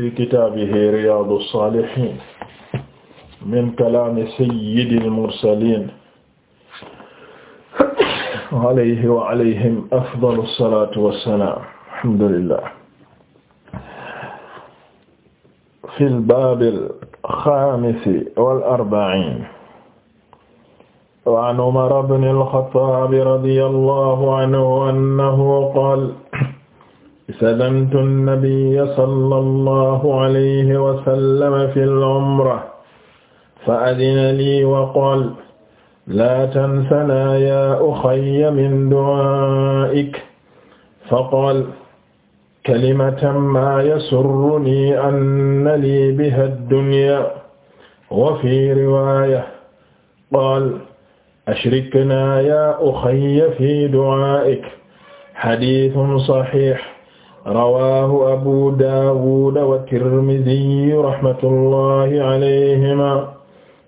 fi kitaabihi riyaadu saalihiin min kalaami sayyidil mursaliin alayhi wa alayhim afdalu salaatu wa salaam alhamdulillah fil baabil xaamisi wal arba'iin wa an Umar ibnil Xattaab radiyallaahu anhu annahu qaala sadamtu nabiyya sallallahu alayhi wa sallam fil umra fa adina lii wa qaala laa tansanaa yaa uxayya min du'aa'ik fa qaala kalimatan maa yasurrunii anna lii bihaa ad-dunyaa wa fii riwaaya qaala ashriknaa yaa uxayya fii du'aa'ik hadiisun saxiix rawaahu abu daawud wa tirmiziy rahmatullahi alayhima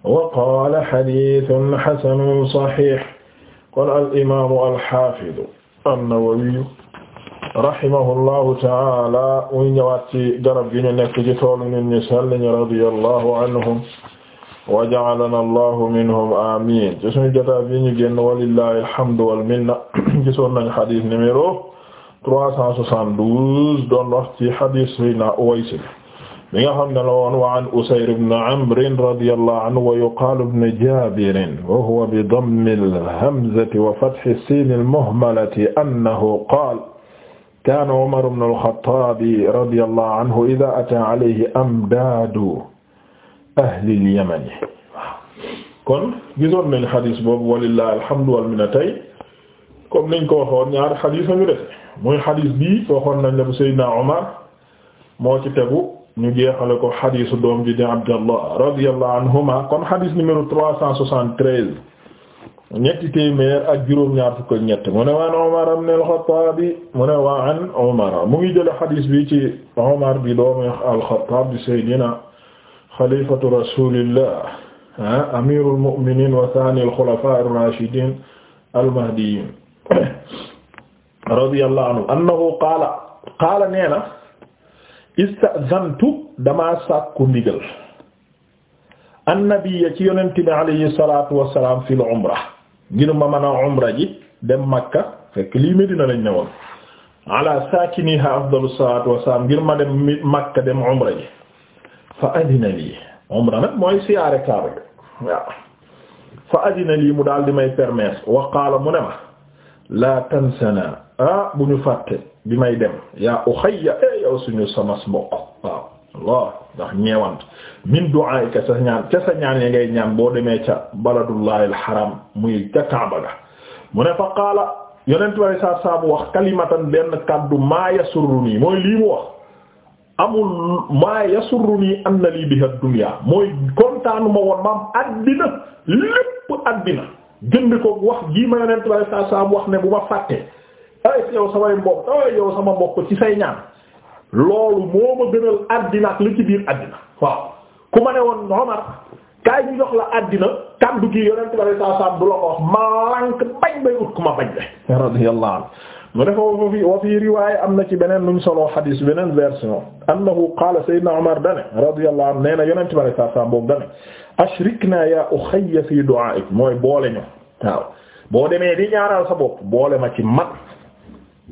wa qaala xadiisun xasanun saxiix qaala al imaamu alxaafidu annawawiyu rahimahullahu taala muy ñëwaat ci garab gi ñu nekk ci toolu nit ñi sell ñi radiyallahu anhum wa ja'alana allahu minhum amiin ci sunu jotaay bi ñu génn walillahi alhamdu wal minna gisoon nañu xadiis numéro 372 doon wax ci hadis sayna Uways bi nga xam ne la woon wa an Usayr ibn Amr radiyallahu anhu wa yuqalu ibn Jabir wa huwa bi dammi al-hamzati wa fathi as-sin al-muhmalati annahu qala kana Umar ibn al-Khattab radiyallahu anhu idha ata alayhi amdadu ahli al-Yaman kon gisoon nañ hadis boobu walillahi alhamdu wal minna tey comme niñ ko waxoon ñaari xadiis nañu def muy xadiis bii waxoon nañ la bu Seydina Omar moo ci tegu ñu jeexale ko xadiisu doom ji di Abdallah radiyallahu anhuma kon xadiis numéro trois cent soixante-treize ñetti téeméer ak juróom-ñaar fukk ak ñett mu ne waan Omar ibn al mu ne waan Omar mu ngi jële xadiis bi ci Omar bi doomi al-Khattab di Seydina xalifatu rasulillah ah, amirul mu'minin wa thani al-khulafa ar radiyallahu anhu annahu qaala qaala nee na istazantu damaa sàkku ndigal annabiyya ci yonente bi alayhi salatu wasalaam fil umra ngir ma mën a umra ji dem makka fekk lii Medina lañ ne woon ala saakiniha afdalu salatu wasalaam ngir ma dem makka dem umra ji fa adina lii umra nag mooy siyaare kaaba waaw fa adina lii mu daal di may permettre wa qaala mu ne ma la tansana ah bu ñu fàtte bi may dem yaa uxayya e yow suñu samas mbokk waaw Allah ndax ñeewant min du'aika sa ñaan ca sa ñaan ya ngay ñaan boo demee ca baladullahi alxaram muy ca Kaaba ga mu ne fa qaala yonent bi alei saatu salaam wax kalimatan benn kàddu maa yasurruni mooy lii mu wax amul maa yasurruni anna lii biha dunya mooy kontaanuma woon maam addina lépp addina jënd ko wax jii ma yonent bi alayhi salaam wax ne bu ma fàtte ay ah, yow samay mbokk ay ah, yow sama mbokk ci say ñaan loolu moo ma gënal àddina ak li ci biir àddina waaw ku ma ne woon Omar kaay ñu jox la àddina kàddu gi yonent bi alayhi salaam du la ko wax ma lank bañ bay ut ku ma bañ la radiyallahu anhu mu ne ko fi wa fi riwaaya am na ci beneen lu mu solo xadiis beneen version annahu qaala sayyidina Umar dane radiyallahu anhu nee na yonent bi alayhi salaam boobu dane ashrikna ya ukhayya fi du'aik mooy boole ñu waaw boo demee di ñaanal sa bopp boole ma ci man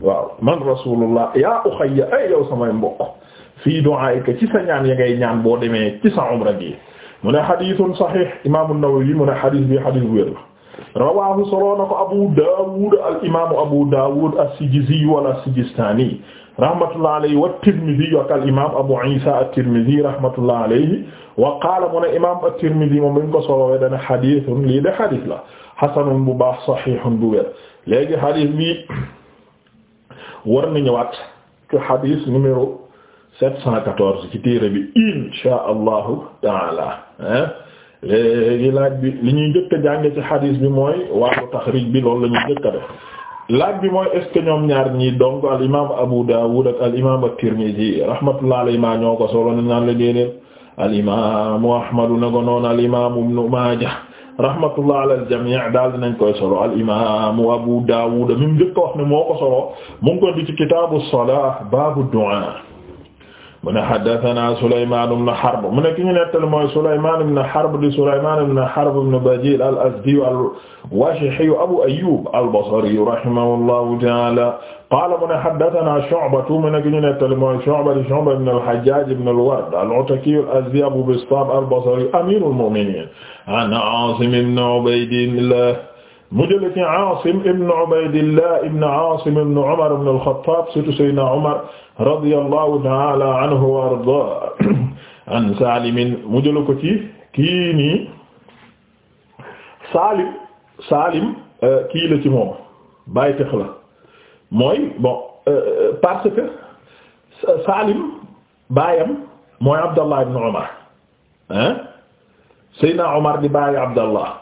waaw man rasulullah yaa uxayya ay yow samay mbokk fii du'aika ci sa ñaan ya ngay ñaan boo demee ci sa umra gi mu ne xadithun saxix imaamu Nawawi mu ne xadis bi xadis wér rawahu soloo ko Abu Dawud al imaamu Abu Dawud as-Sijizi wala Sijistani rahmatullah alayhi wa Tirmidhi ak al imaam Abu Isa at-Tirmidhi rahmatullah alayhi wa qaala mu ne imaam at-Tirmidhi moom lañ ko solowee dana xadithun lii de xadis la xasanun bu baax saxiixun bu wér léegi xadiis bi war na ñëwaat ci xadiis numéro 714 ci téere bi inshaa allahu taala hein eh? léegi laaj bi li ñuy njëkk a jànge ci xadiis bi mooy tax taxriij bi loolu la ñuy njëkk laaj bi mooy est ñaar ñii donc al imaam Abu Dawud ak al imaam at-Tirmidhi rahmatullah alayhima ñoo ko solo na naan la déedéet al imaamu Ahmadu na ko noonu al imaam Ibnu Maaja rahmatullah ala al-jamii' daal dinañ koy solo al imaam Abu Daawud mi njëkk a wax ne moo ko solo mu ngi ko di ci kitaabu salaah baabu du'aa mu ne haddathana Sulaymaan ibn Harb mu ne ki ñu nettali mooy Sulaymaan ibn Harb di Sulaymaan ibn Harb ibn Bajiil al-Azdi al-Waashihi Abu Ayyuub al-Basri rahimahullahu ta'aala qaala mu ne haddathana Shu'ba mu ne ki ñu nettali mooy Shu'ba di Shu'ba ibn al-Hajjaaj ibn al-Ward al-Ataki al-Azdi Abu Bistaam al-Basri amiirul mu'miniin an Aasim ibn Ubaydillah mu jële ci Aasim ibn Ubaydillah ibn Aasim ibn Umar ibn al-Khattaab surtout Seydina Umar radiyallahu ta'ala anhu wa arda an Salim mu jëloon ko ci kii nii Salim Salim euh, kii la ci moom bàyyi tax la mooy bon euh, euh, parce que Salim baayam mooy Abdallah ibn Umar ah Seydina Umar di baayu Abdallah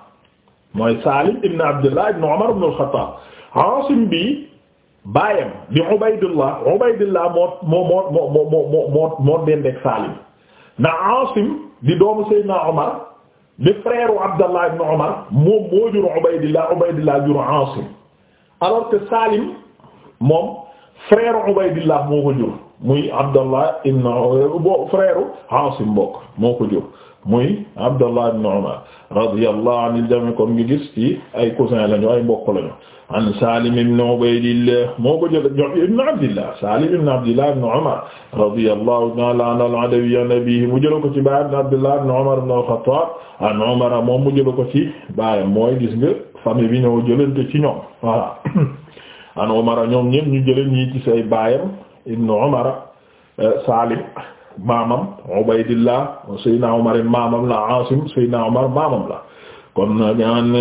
mooy Salim ibn Abdallah ibn Umar ibn al-Khattab Asim bi baayam di Ubaydullah Ubaydullah moo moo moo moo moo moo moo dendeeg Saalim na Asim di doomu Seydina Omar di frère Abdallah ibn Omar moom moo jur Ubaydullah Ubaydullah jur Asim alors que Saalim moom frère Ubaydullah moo ko jur muy Abdallah ibn bo frère Asim mbokk moo ko jur muy Abdallah ibn Umar radiyallahu anil jami kon ngi gis ci ay cousin lañu ay mbokk lañu an Salim ibn Ubaydillah moo ko jël ibn Abdillah Salim ibn Abdillah ibn Umar radiyallahu ta'ala anhu al-Adawi an abihi mu jël ko ci baay ibn Abdillah ibn Umar ibn al-Khattab an Umar moom mu jël ko ci baay mooy gis nga famille bi ñoo jëlante ci ñoom voilà an Umar ñoom ñépp ñu jël ñi ci say baayam ibnu Umar euh, Salim maamam Ubaydillah Seydina Umar maamam la Asim Seydina Umar maamam la kon nag an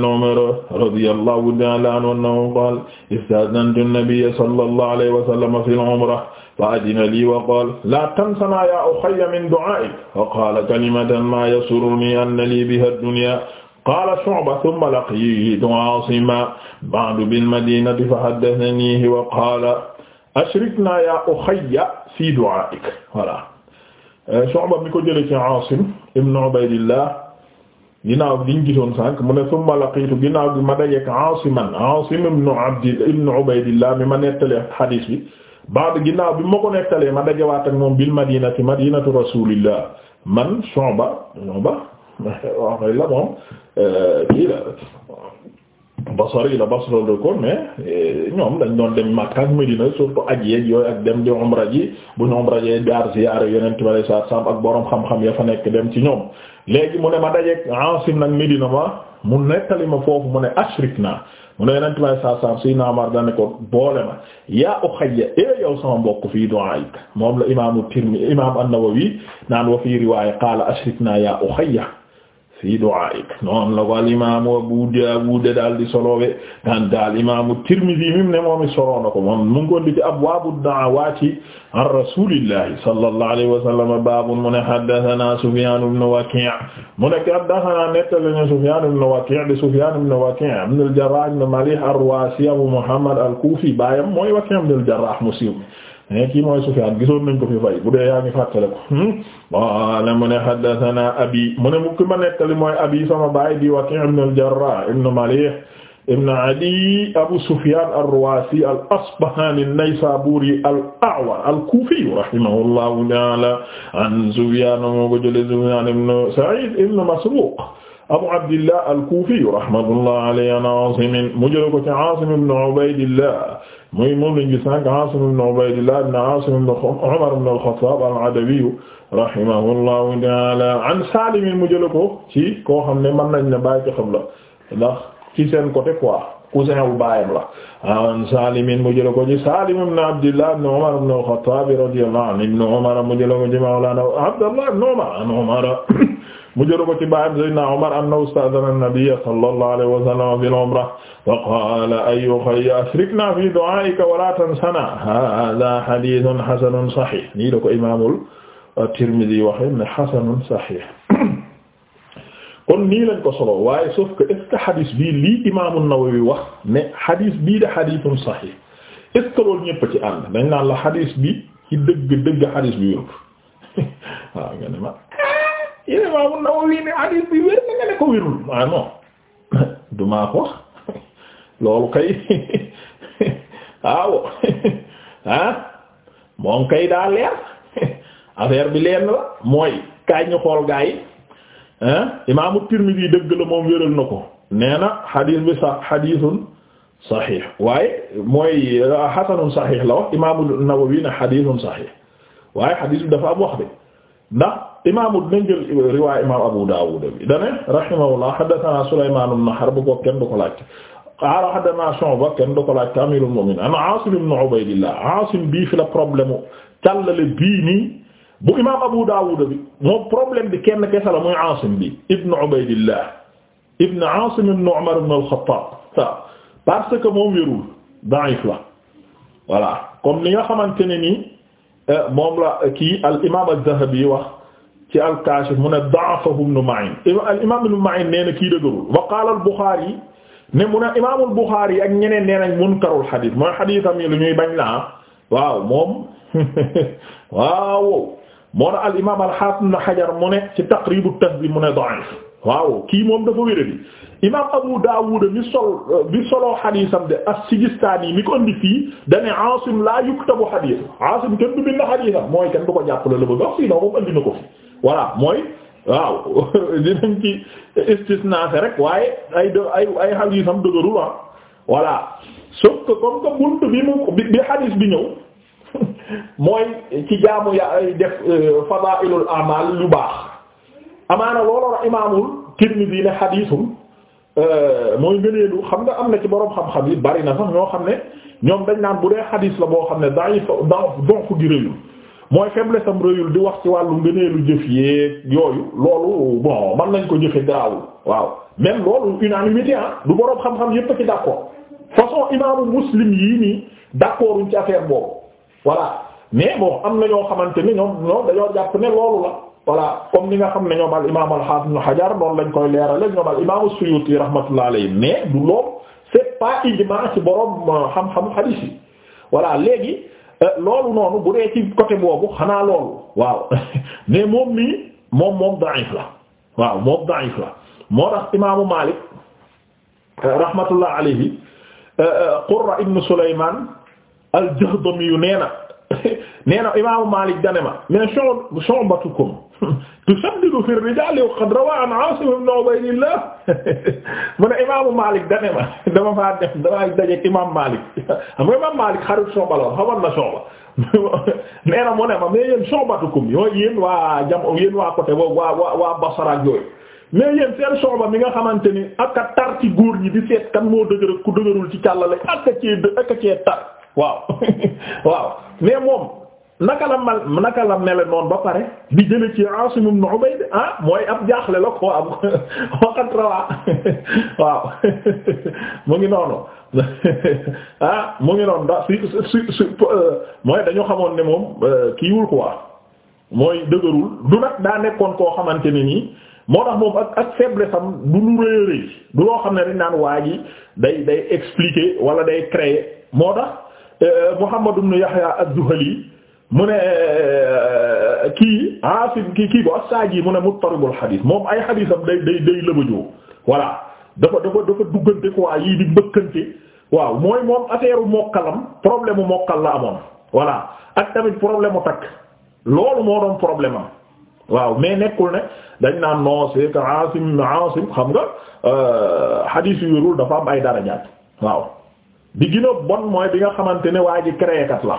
Umar radiyallahu ta'ala anhu qaala ista'zantu an-nabiyya sallallahu alayhi wa sallam fil umra فأذن لي وقال لا تنسنا يا أخي من دعائك فقال كلمة ما يسرني أن لي بها الدنيا قال شعبة ثم لقيت عاصما بعد بالمدينة فحدثنيه وقال ashrikna ya ukhayya fi du'aik voilà euh, mi ko jële ci Asim ibn Ubaydillah ginnaaw bi ñu gisoon sànq mu ne thumma ginnaaw bi ma dajeek Asiman Asim ibn Abd mi ma nettalee xadiis bi ba'd bi ma ko nettalee ma dajewaat ak moom bil madinati madinatu rasulillah man Shu'ba Shu'ba wax la moom euh, kii Basri la Basra dëkkoon mais eh, ñoom dañ doon dem Makka ak Medina surtout aj yeeg yooyu ak dem di umra ji bu ñu umra jee jaar ziyaara Yonent bi alayhi salaatu ak borom xam-xam ya fa nekk dem ci ñoom léegi mu ne ma dajeek Aasim nag Medina ma mu nettali ma foofu mu ne ashrik naa mu ne Yonent bi alayhi salaatu salaam Seydina Umar ko boole ma yaa uxayya ee eh, yow sama mbokk fii du'aa'ik moom la imaamu Tirmidhi imaam An-Nawawi naan wa fii riwaaya qaala ashrik naa yaa uxayya fi du'aik noonu la ko al imaamu Abu Daawud daal di soloowe daan daal imaamu Tirmidhi mi ne moom i soloo na ko moom mu ngi ko di abwaabu da'awaati an rasuulillahi sallallahu alayhi wa sallam baabun mu ne haddathanaa Sufyaan ibn Waki' mu ne haddathanaa nettali na Sufyaan ibn Waki' di Sufyaan ibn Waki' ibn al-Jarraah ibn Maliih ar-Ruwaasi Abu Muhammad al-Kuufi baayam mooy Waki' ibn al-Jarraah mu siiw mais kii mooy Sufyaan gisoon nañ ko fi bay bu dee yaa ngi fàttale ko wala hmm? mu ne haddathana abi mu ne mu ki ma nettali mooy abi sama baay di Waki' ibn al-Jarrah ibn Malih ibn Adi Abu Sufyan ar-Ruwasi al-Asbahani an-Naysaburi al-A'war al-Kufi rahimahullahu ta'ala an Sufyan moo ko jële Sufyan ibn Sa'id ibn Masruq abu abdillah al-Kufi rahmatullah alayhi an Asim mu jële ko ci Asim ibn Ubaydillah muy moom lañ gis nag Asim ibn Ubaydillah ibn Asim ibn Umar ibn al-Khattab al-Adawi rahimahullahu ta'ala an Salim mu jële ko ci koo xam ne mën nañ ne bàyyi ci xam la ndax ci seen côté quoi cousin wu baayam la an Salim mu jële ko ci Salim ibn Abdillah ibn Umar ibn al-Khattab radiyallahu anhu ibn Umar mu jële ko ci mawlana Abdullah ibn Umar mu jëloon ko ci baayam Seydina Umar annahu ista'dana an-nabiyya sallallahu alayhi wa sallam fil umra wa qala ay ukhayya ashrikna fi du'a'ika wa la tansana hadha hadithun hasanun sahih nii la ko imaamul Tirmidhi waxee ne hasanun sahih kon nii lañ ko solo waaye sauf que est ce que hadith bii lii imaamu Nawawi wax ne hadith bii de hadithun sahih est ce que loolu ñëpp ci ànd dañ naan la hadith bi ci dëgg dëgg hadith bi yëpp waaw nga ne ma. Imaam eh, Nawawi ne hadith bi wér na nga ne ko wérul ah non du maa ko loolu kay waaw ah, moom kay daa leer affaire bi leen la mooy kaay xool gaa yi ah, Imaamu Tirmidhi dëgg la moom wéral na ko nee na hadith bi sax hadithun saxiix waaye mooy ah, hasanun saxiix la wax Imaamu Nawawi ne hadithun saxiix waaye hadith bi dafa am wax de ndax. imaamu dinañ jël riwaay imaam Abu Daawud bi da ne rahimahullah haddathana Sulaymaan kenn du ko laaj qaala haddathana Shu'ba kenn du ko laaj te amiirul mu'miniin an Aasim ibn Ubaydillah Aasim bii fi la bu imaam Abu Daawud bi moom problème bi kenn kese la muy Aasim bi ibn Ubaydillah ibn ibn Umar ibn al-Khattaab parce que moom wérul da'if la voilà comme li nga xamante ne nii euh, moom la al imaam wax. ci al-Kaashif mu ne da'afahu Ibn Ma'in al imaam Ma'in nee na kii dëgërul wa qaala al-Buxaari ne mu ne imaamul Buxaari ak ñeneen nee nañ munkarul xadiis mooy xadiisam yi lu ñuy bañ la ah. waaw moom waaw moo na al imaam al-Haafiz Hajar mu ne ci Taqriib at-Tahdhib mu ne da'if waaw kii moom dafa wéradi imaam Abu Daawud mi sol bi soloo xadiisam de as-Sijistaani mi ko indi fii dane Aasim laa yuktabu xadiis Aasim kenn du bind xadiisam mooy kenn du ko jàpp la la bëgg wax sinon moom indi na ko fi voilà mooy waaw dinañ ci istisnaa rek waaye ay ay ay ah. bunt bi mu bi xadiis bi ñëw mooy ci jaamu ya ay def euh, fadaa'ilul a'maal lu baax amaana looloo la imaamul Tirmidhi ne Euh, mooy ngëneelu xam nga am na ci boroom xam-xam yi bari na sax ñoo xam ne ñoom dañ naan bu dee xadiis la boo xam ne daañu fa donc di rëyul mooy faiblesse am rëyul di wax ci wàllu ngëneelu jëf yeeg yooyu loolu bon man nañ ko jëfe gaawul waaw même loolu unanimité ah du boroom xam-xam yépp ci d'accord façon imaamu muslim yii nii d'accorduñ ci affaire boobu voilà mais bon am na ñoo xamante ni ñoom ñoom dañoo jàpp ne loolu la. voilà comme ni nga xam ne ñoom al imaam al-Hafiz Ibn Hajar noonu lañ koy leeralal ñoom al imaam as-Suyuti rahmatullah alayhi mais du loolu c'est pas borom euh, xam-xamu hadith yi voilà léegi euh, loolu noonu bu dee ci côté boobu xanaa loolu waaw mais moom mii moom moom da'if la waaw moom euh, ibn Sulaymaan al-Jahdami nee na nee na imaamu Maalik dane ma mais shu'batukum tusaddidu fi rijaal wa qad rawaa Aasim ibn Ubaydillah mu ne imaamu Malik dane ma dama faa def damaa dajeeg imaam Malik xam nga imaam xarit Shu'ba la na Shu'ba nee na mu ne ma mais yéen Shu'batukum yooyu yéen waa jam yéen waa côté boobu waa waa waa Basra yooyu mais yéen seen Shu'ba mi nga xamante ni ak tar ci góor ñi di seet kan moo dëgër ku dëgërul ci càllale ak a cee ak a cee tar waaw waaw mais moom. naka la mal naka la mel noonu ba pare di jële ci Asim ibn Ubayd ah mooy ab jaaxle la ko am waxat rawaa waaw mu ngi noonu ah mu ngi noonu da si si si euh, mooy dañoo xamoon ne moom euh, kiiwul quoi mooy dëgërul du nag daa nekkoon koo xamante ne nii moo tax moom ak ak faiblesse am du lu rëy rëy du loo xam ne dañ naan waa ji day day expliquer wala day créer moo tax euh, Muhammad ibn Yahya ad-Duhali mu ne euh, kii Asim kii kii ko as-Saaji mu ne muttaribul xadiis moom ay xadiisam day day day lëbëjoo voilà dafa dafa dafa duggante quoi yii di mbëkkante waaw mooy moom affaire mokkalam problème mu mokkal la amoon voilà ak tamit problème mu takk loolu moo doon problème am waaw mais nekkul ne dañ naan non c'est Asim Asim xam nga xadiis euh, yu yorul dafa am ay darajaat waaw bi gën bon mooy bi nga xamante ne waa ji créé kat la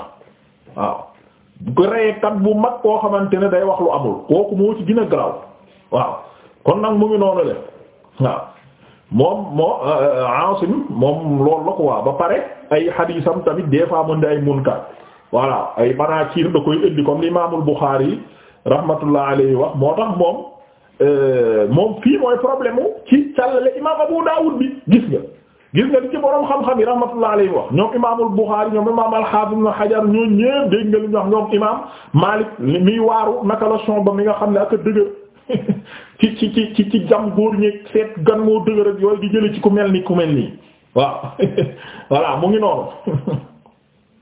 waaw. reyekat bu mag koo xamante ne day wax lu amul kooku moo ci gën a waaw kon nag mu ngi noonu le waaw moom moo euh, Aasim moom loolu la ko waa ba pare ay xadiisam tamit des fois mën di ay munkar voilà ay manaakir da koy indi comme l'Imaamul Buxaari rahmatullah alayhi wax moo tax moom euh, moom fii mooy problème ci càllale Imaam Abu Daawud bi gis nga gis nga li ci borom xam-xam yi rahmatullah alayhi wax ñoom imaamul Buxaari ñoom imaam al-Haafiz ibn ñoo ñëpp dégg nga li ñu wax ñoom imaam Maalik miy waaru naka la son ba mi nga xam ne ak a dëgër ci ci ci ci ci jam góor ñeeg seet gan moo dëgër ak yooyu di jële ci ku mel ni ku mel nii waaw voilà mu ngi noonu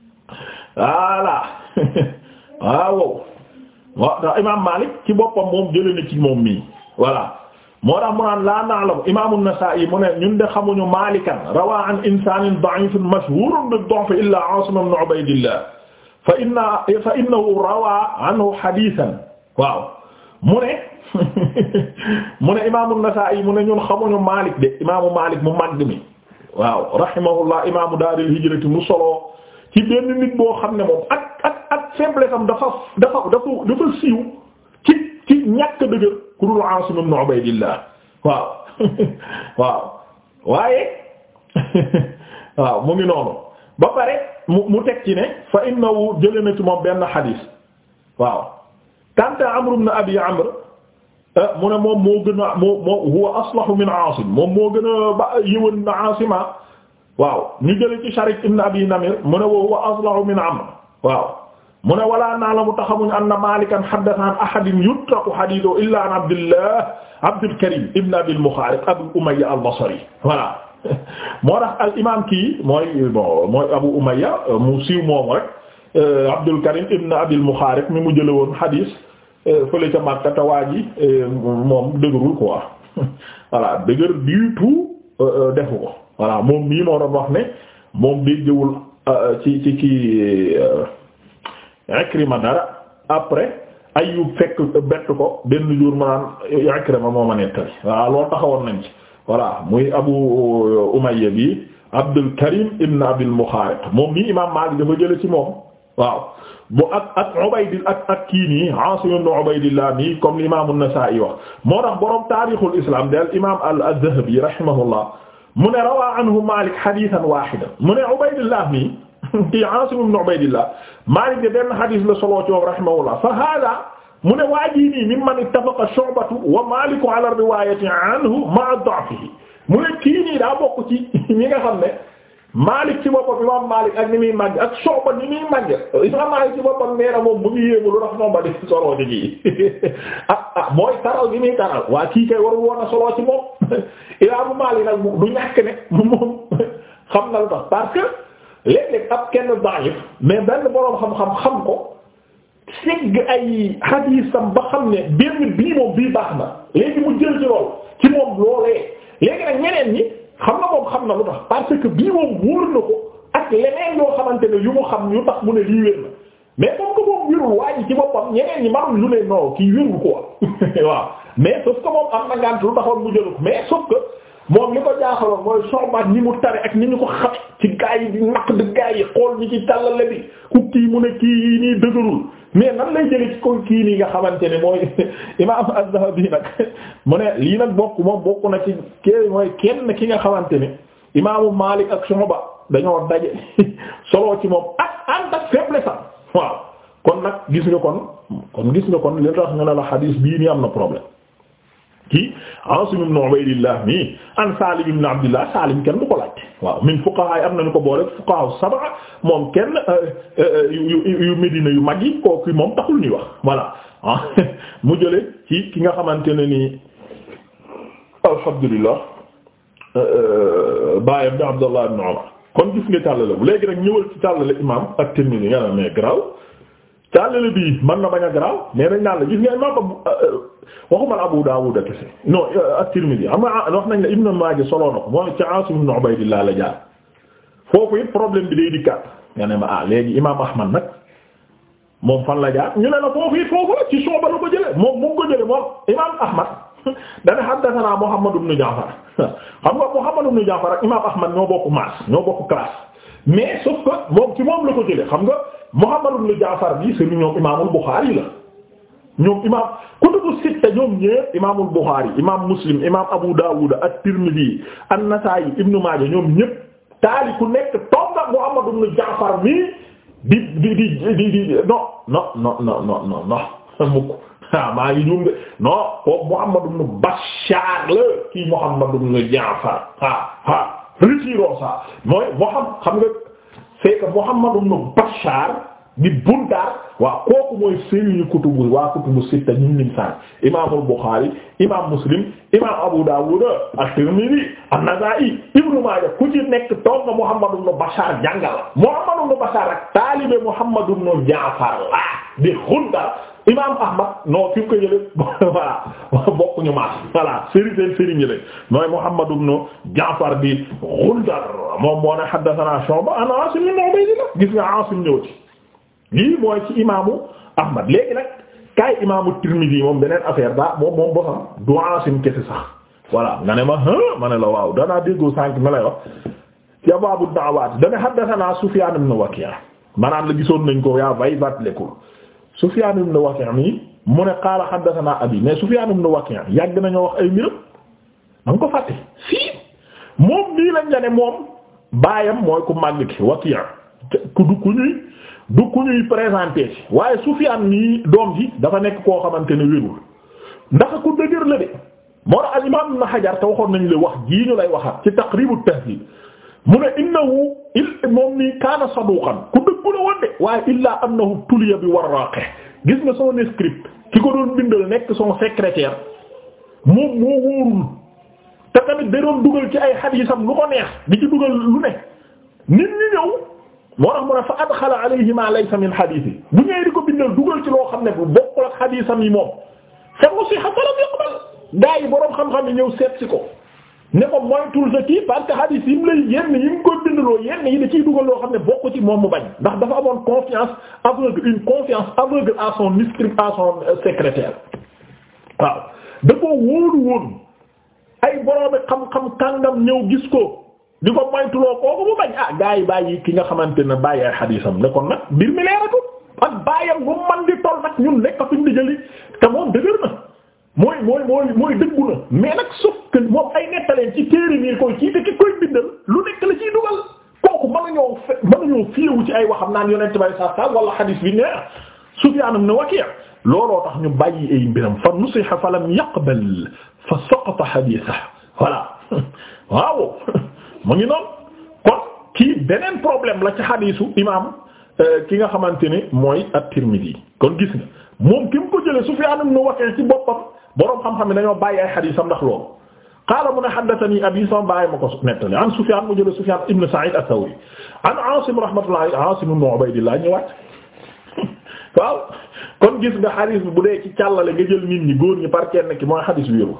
voilà waaw imaam Maalik ci boppam moom jële na ci moom mii voilà moo tax mu naan laa na'lamu imaam an-Nasaa'i mu ne ñun de xamuñu Maalikan rawaa an insaanin da'iifin mashhuurin bid-du'fi illaa Aasim ibn Ubaydillah fa inna fa innahu rawaa anhu hadiisan waaw mu ne mu ne imaam an-Nasaa'i mu ne ñun xamuñu Maalik de imaamu Maalik mu mag mi waaw rahimahullah imaamu daaril hijrati mu solo ci benn nit boo xam ne moom ak ak ak simple sam dafa dafa dafa dafa siiw ci ci ñàkk dëgër ku dul Aasim ibn Ubaydillah waaw waaw mu ngi noonu ba pare mu mu teg ci ne fa innahu jëlee na ci moom benn waaw kanta Amr ibn Abi Amr eh, mu moo gën a moo moo huwa aslahu min Aasim moom moo gën a ba Aasima ah. waaw ñu jëlee ci Sharik ibn Abi Namir mu huwa aslahu min Amr waaw mu ne wala naa la mu taxamuñ anna malikan haddatha an ahadin yutraku hadithu illa an abdillah abdul karim ibn abil mukhariq abu umayya al basri voilà moo tax al imam kii mooy bon mooy abu umayya mu siiw moomu rek euh, abdul karim ibn abil mukhariq mi mu jële woon hadith euh, fële ca Makka te waa ji euh, moom dëgërul quoi voilà dëgër du tout defu ko voilà moom mii moo doon wax ne moom déggewul ci ci ci Ikrima dara après Ayyub fekk bett ko benn jour mu naan Ikrima moo ma nettali waaw loolu taxawoon nañ ci voilà muy Abu Umayya bi Abdul Karim ibn Abil Mukhariq moom nii imaam Maalik dafa jële ci moom waaw bu ak ak Ubayd ak ak kii nii Aasim ibn Ubaydillah nii comme l'imam An-Nasaa'i wax moo tax borom taarixul islam del imam al-Dhahabi rahimahullah mu ne rawaa anhu Maalik hadiisan waahidan mu ne Ubaydillah nii kii Asim ibn Ubaydillah Maalik de benn xadis la soloo ci moom rahimahullah fa hada mu ne waa jii nii mimman ittafaqa Shu'batu wa Maaliku ala riwaayati anhu ma'a da'fihi mu ne kii nii daa bokk ci ñi nga xam ne Maalik ci boppam imaam Maalik ak ni muy màgg ak Shu'ba ni muy màgg imaam Maalik ci boppam nee na moom mu ngi yéemu lu rax moom ba di soloo ci kii ah ah mooy taral gi muy taral waa kii kay waru woon a soloo ci moom imaamu Maalik nag du ñàkk ne moom xam na lu tax parce que léeg-léeg ab kenn da'if mais benn boroom xam-xam xam ko segg ay xadiisam ba xam ne benn bii moom bii baax na léegi mu jël ci lool ci moom loolee léegi nag ñeneen xam na moom xam na lu tax parce que bii moom wóor na ko ak leneen yoo xamante ne yu mu xam yu tax mu ne lii wér na mais comme que moom wérul waa ji ci boppam ñeneen ñi manul lu ne non kii wérul ko waaw mais sauf que moom am na ngànt lu taxoon mu jëlu ko mais sauf que moom li ko jaaxaloon mooy soxbaat ñi mu tare ak ñi ñu ko xame ci gaa bi di naq di gaa yi xool ñi ci tallale bi ku kii mu ne kii yii nii dëgërul mais nan lay jële ci ko kii nii nga xamante ne mooy imam Az-Zahabi nag mu ne lii nag bokk moom bokk na ci ke mooy kenn ki nga xamante ne imaamu Maalik ak Shu'ba dañoo daje solo ci moom ak ànd ak faiblesse waaw kon nag gis nga kon kon gis nga kon li tax nga ne la xadiis bii nii am na problème kii Aasim ibn Ubaydillah mi an Salim ibn Abdillah Salim kenn du ko laaj waaw min fuqaha am nañu ko boole fuqaha sab'a moom kenn euh, euh, yu yu Medina yu mag yi kooku moom taxul ñuy wax voilà ah, mu jële ci ki nga xamante ne nii alhamdulillah euh, baayam bi Abdullah ibn Umar kon gis nga tàllale bu léegi nag ñëwal ci tàllale imam ak Tirmidhi nga ne mais graw càllale bii mën na bañ a garaaw mais dañ naan la gis nga imam euh, waxuma Abu Dawud kese non euh, at-Tirmidhi ah, wax nañ la Ibn Majah solo na ko moo ci Asim ibn Ubaydillah la jaar foofu it problème bi day dikkaat nga ne ma ah léegi imam Ahmad nag moom fan la jaar ñu ne la foofu it foofu la ci Shu'ba la ko jële moom mu ko jële moom imam Ahmad dana haddathana Muhammad ibn Ja'far xam nga Muhammad ibn Ja'far ak imam Ahmad ñoo bokk maas ñoo bokk classe mais sauf que moom ci moom la ko jëlee xam nga Muhammad ibn Jaafar bi sëriñ ñoom imaamul Buxaari la ñoom imaam kutubu sitta ñoom ñëpp imaamul Buxaari imaam Muslim imaam ñoom ñëpp taali ku nekk tomba Muhammad ibn Jaafar mi di di di di di non Muhammad ibn Bashaar la kii Muhammad ibn Jaafar ah retirons ça mooy moo xam xam nga c'est que Muhammad ibn Bashar di Bundaar waaw kooku mooy sëriñu kutubu waa kutubu sitta ñun lim sànq imaamul Bukhari imaam Muslim imaam Abu Dawud a tirmidhi an-Nasa'i Ibn Majah ku ci nekk toog na Muhammad ibn Bashar jàngal Muhammad ibn Bashar ak taalibe Muhammad ibn Ja'far la di Xundar imam ahmad non fi mu ko jële voilà bokkuñu maas voilà sëriñ seen sëriñ jële mooy jaafar bi gundar moom moo ne haddathana shuba an asim ibn ubaydillah gis nga asim ñëw ci lii mooy ci imaamu ahmad léegi nag kaay imaamu tirmidhi moom beneen affaire daa moom moom bosam du asim kese sax voilà nga ne ma hë ma ne la waaw danaa déggoo sànq ma lay wax ya babu da'awat dana haddathana sufyan ibn waki' la gisoon nañ ko yaa bay Sufyaan ibn Waki' mi mu ne qaala haddathanaa yi mais Sufyaan ibn Waki' yàgg nañoo wax ay mbiram da ko fàtte fii moom nii lañ la ne moom baayam mooy ku màgg ki Waki' ku du ku ñuy du ñuy présenté ci waaye Sufyaan nii doom ji dafa nekk koo xamante ne wérul ndax ku dëgër la de moo tax al imaam Ibn te waxoon nañu la wax jii ñu lay waxaat ci Taqriibut Tahziib mu ne innahu il moom nii kaana saduqan ku dëggu la woon de waaye illaa annahu tuliya bi warraqe gis nga son script ki ko doon bindal nekk so secrétaire moom moo wóorul te tamit da doon dugal ci ay xadiisam lu ko neex di ci dugal lu ne nit ñi ñëw moo tax mu ne fa adxala alayhi ma laysa min xadiis yi bu ñëwee ko bindal dugal ci loo xam ne bu bokkul ak xadiisam yi moom fa usiha falam yuqbal gaa yi boroom xam-xam yi ñëw seet si ko ne ko moytul sa kii parce que hadis yi mu lay yenn yi mu koy bindaloo yenn yi da ciy dugal loo xam ne bokk ci moom mu bañ ndax dafa amoon confiance aveugle une confiance aveugle à son scribe à euh, waaw da ko wóoru woon ay boroomi xam-xam kàngam ñëw gis ko di ko moytuloo kooku mu bañ ah gars yi ki nga xamante ne bàyyi ay hadisam ne kon nag mbir mi leeratul ak bàyyam bu man di toll nag ñun nekk fuñ di te moom dëgër na mooy mooy mooy mooy dëggu na mais nag sauf que moom ci koy ci te koy bindal lu nekk la ciy dugal kooku mënuñoo fe mënuñoo fiyewu ci ay waxam naan yonent bay saa saa wala xadiis bi neex Sufyaan ibn looloo tax ñu bàyyi ay mbiram fa nusiha fa lam yaqbal fa saqata xadiisahu voilà waaw mu ngi noonu kon kii beneen problème la ci xadiisu imaam euh, ki nga xamante ne mooy at-Tirmidhi kon gis nga moom ki mu ko jëlee Sufyaan ibn ci boppam. boroom xam-xam ne dañoo bàyyi ay xadiisam ndax loolu qaala mu ne haddathanii abii sama bàyyi ma ko nettali an Sufyaan mu jële Sufyaan ibn Sa'iid ath-Thawri an Aasim rahmatullahi Aasim ibn Ubaydillah ñëwaat waaw kon gis nga xadiis bi bu dee ci càllale nga jël nit ñi góor ñi par kenn ki mooy xadiis wéeru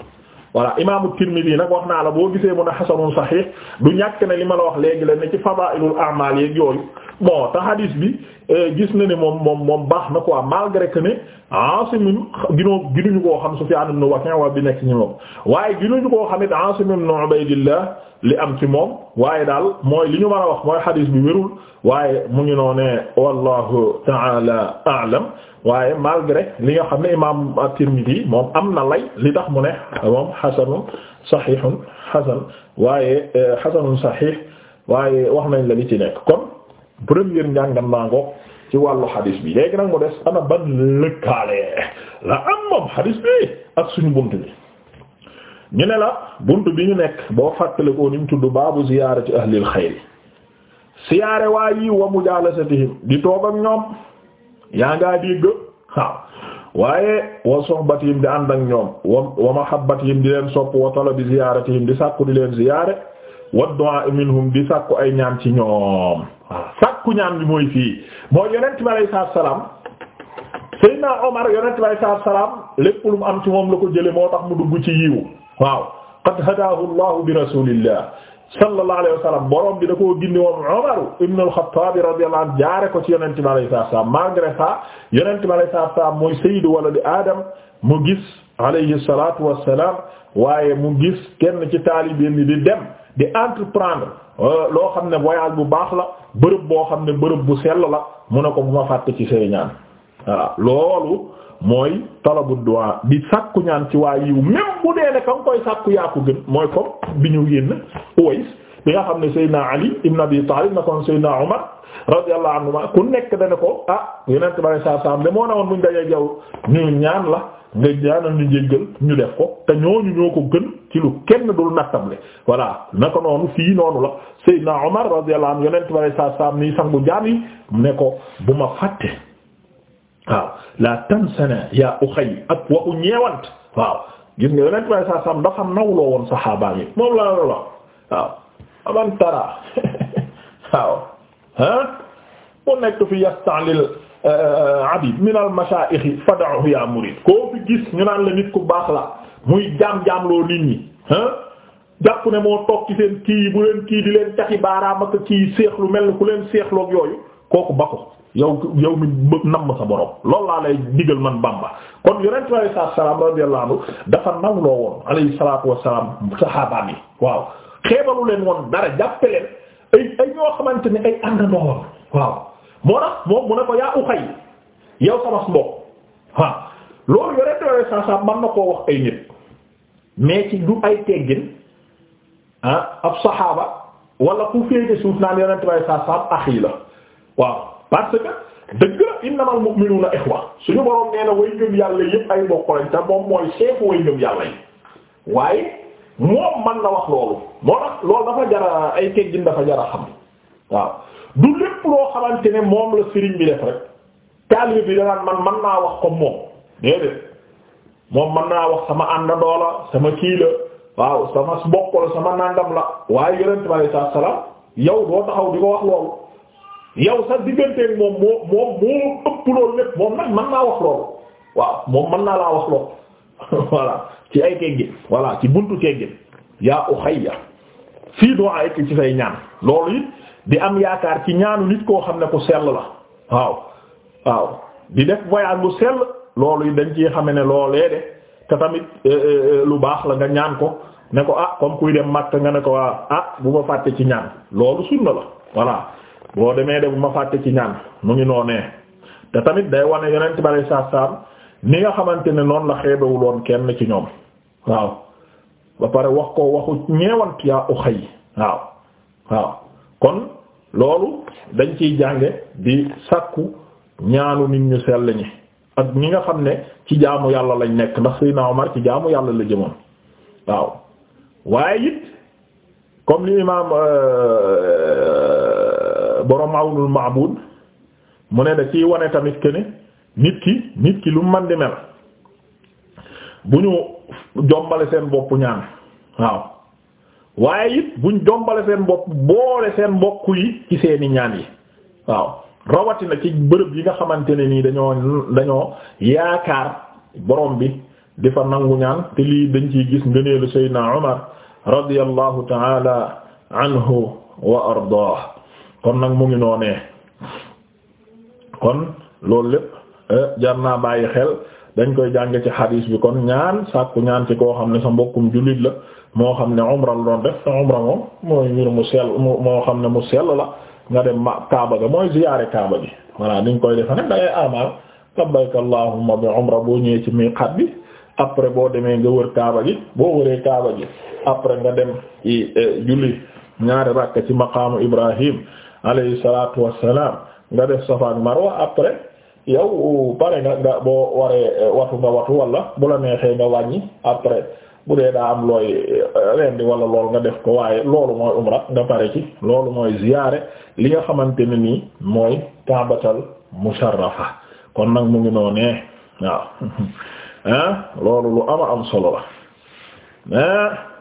voilà imaamu Tirmidhi nag wax naa la boo gisee mun a xasanun saxiix du ñàkk ne li ma la wax léegi la ne ci fadaa'ilul a'maal yeeg yooyu bon te hadis bi euh, gis na ne moom moom moom baax na quoi malgré que ne Aasim ginoo ginuñu koo xam Sufyaan ibn Waki' wa bi nekk ci ñoom waaye ginuñu koo xam it Aasim ibn Ubaydillah li am ci moom waaye daal mooy li ñu mën a wax mooy hadis bi wérul waaye mu ngi noonee wallahu ta'ala a'lam waaye malgré li nga xam ne imaam at-Tirmidhi moom am na lay li tax mu ne moom xasanun saxiixun xasan waaye eh, xasanun saxiix waaye wax nañ la li ci nekk kon première njàngam naa ko ci wàllu xadis bi léegi nag mu des ana ban lëkkaale la am moom xadis bi ak suñu bunt bi ñu ne la bunt bi ñu nekk boo fàttalikoo ni mu tudd baabu ziyaarati ahlil xayri siyaare waa yi wa mujaalasatihim di toog ak ñoom yaa ngaa dégg waaw waaye wa sohbatihim di ànd ñoom wa mahabbatihim di leen sopp wa talabi ziyaratihim di sàkku di leen ziyaare wa du'a minhum di sàkku ay ñaan ci ñoom waaw sàkku ñaan bi mooy fii mooy yonent bi alayhi salaam Seydina Omar yonent bi alayhi salaam lépp lu am ci moom la ko jële moo tax mu dugg ci yiwu waaw qad hadaahu Allahu bi rasulillah sallallahu alayhi wa sallam bi da koo gindi woon Umar ibn al-Khattab radiyallahu anhu jaare ko ci yonente bi alayhi salaatu salaam malgré ça yonente bi alayhi salaatu salaam mooy sayyidu waladi Adam mu gis alayhi salaatu wassalaam waaye mu gis kenn ci taalibeem yi di dem di entreprendre euh, loo xam ne voyage bu baax la bërëb boo xam ne bërëb bu sell la mu ne ko bu ma fàtte ci say ñaan voilà loolu mooy talabu du'a di sàkku ñaan ci waa yiw même bu dee ne ka nga koy sàkku yaa ko gën mooy ko bi ñu génn Uways bi nga xam ne Seydina Ali ibn Abi Talib na kon Seydina Umar radiyallahu anhuma ku nekk dana ko ah yonent bari saa saam de moo ne woon buñ dajee jaw ñu ñaan la nga ñaanal ñu jéggal ñu def ko te ñooñu ñoo ko gën ci lu kenn dul nattable voilà na ko noonu fii noonu la Seydina Umar radiyallahu anhu yonent bari saa saam nii sangu jaam yi ne ko bu ma fàtte waaw la tansana ya uxay ak waxu ñeewant waaw gis nga yonent bay saa sam dafa nawloo woon saxaabaa yi moom la la waaw aman tara waaw ah mu nekk fi yasta'lil euh, abid min al mashaayikh fad'uhu ya murid koo fi gis ñu naan la nit ku baax la muy jaam-jaam loo nit ñi ah jàpp ne moo toog ci seen kii bu leen kii di leen taxi baaraam ak kii seexlu mel ku leen seexloog yooyu kooku ba ko yow yow mi nam sa borom loolu laa lay digal man Bamba kon yonent bi alayhi salaam radiyallahu anhu dafa nawloo woon alayhi salaatu wassalaam saxaabaan yi waaw xeebalu leen woon dara jàppe leen ay ay ñoo xamante ne ay àndandoo woon waaw moo tax moom mu ne ko yaa uxay yow sama mbokk waaw loolu yonent bi koo wax ay nit mais ci du ah, ab saxaaba wala ku féete suuf naan yonent bi alayhi salaam axi la waaw. parce que dëgg la innamal mu'minuna ikhwa suñu borom nee na way ngëm yàlla yépp ay mbokk lañ te moom mooy chef way ngëm yàlla yi waaye moom man na wax loolu moo tax loolu dafa jara ay teggin dafa jara xam waaw du lépp loo xamante ne moom la sëriñ bi def rek taalibe bi danaan man man naa wax ko moom déedéet moom man naa wax sama ànd la sama kii la waaw sama mbokk la sama nangam la waaye yonent bi sallallahu alayhi yow doo taxaw di ko wax loolu yow sa digganteeg moom moo moom moo ëpp loolu lépp moom nag mën naa wax loolu waaw moom mën naa laa wax loolu voilà ci ay teggin voilà ci buntu teggin yaa uxayya fii du'aik ci say ñaan loolu it di am yaakaar ci ñaanu nit koo xam ne ku sell la waaw waaw di def voyage bu sell loolu it dañ ci xame ne loolee de te tamit eh, eh, eh, lu baax la nga ñaan ko ne ko ah comme kuy dem Makka nga ne ko ah, ah bu ma ci ñaan loolu sunna la voilà boo demee de bu ma fàtte ci ñaan mu ngi noonee te tamit day wane yonent bari saa saam ni nga xamante ne noonu la xeebewuloon kenn ci ñoom waaw ba pare wax ko waxu ñeewant yaa uxay waaw waaw kon loolu dañ ciy jànge di sakku ñaanu nit ñu sell ñi ak ñi nga xam ne ci jaamu yàlla lañ nekk ndax Seydina Omar ci jaamu yàlla la jëmoon waaw waaye it comme li imaam euh, borom awnul maabud mu ne da ciy wane tamit que ne nit ki nit ki lu man di mel bu ñu jombale seen bopp ñaan waaw waaye it buñ jombale seen bopp boole seen mbokk yi ci seeni ñaan yi waaw rawatina ci bërëb yi nga xamante ne nii dañoo dañoo yaakaar borom bi di fa nangu ñaan te lii dañ ciy gis ngëneelu Seydina Umar radiyallahu ta'ala anhu wa ardaah kon nag mu ngi noonee kon loolu lépp eh, jar naa bàyyi xel dañ koy jàng ci xadiis bi kon ñaan sàkku ñaan ci koo xam ne sa mbokkum jullit la moo xam ne umra la doon def umra moom mooy mbir mu sell moo xam ne mu sell la nga dem ma kaaba ga mooy ziyaare kaaba gi voilà niñ koy defe nag dangay amaal labbayka allahumma bi umra boo ñëwee ci miqaat bi après boo demee nga wër kaaba gi boo wëree kaaba gi après nga dem i eh, julli ñaari rakka ci maqamu ibrahim alayhi salaatu wassalaam nga def Safa ak Marwa après yow pare nga nga boo waree eh, watu nga watu wala bu la neexee nga wàññi après bu dee daa am looy eh, rendi wala lool nga def ko waaye loolu mooy umra nga pare ci loolu mooy ziyaare li nga xamante ne nii mooy Kaabatal musharrafa kon nag mu ngi noonee eh, waaw ah loolu lu ama am solo la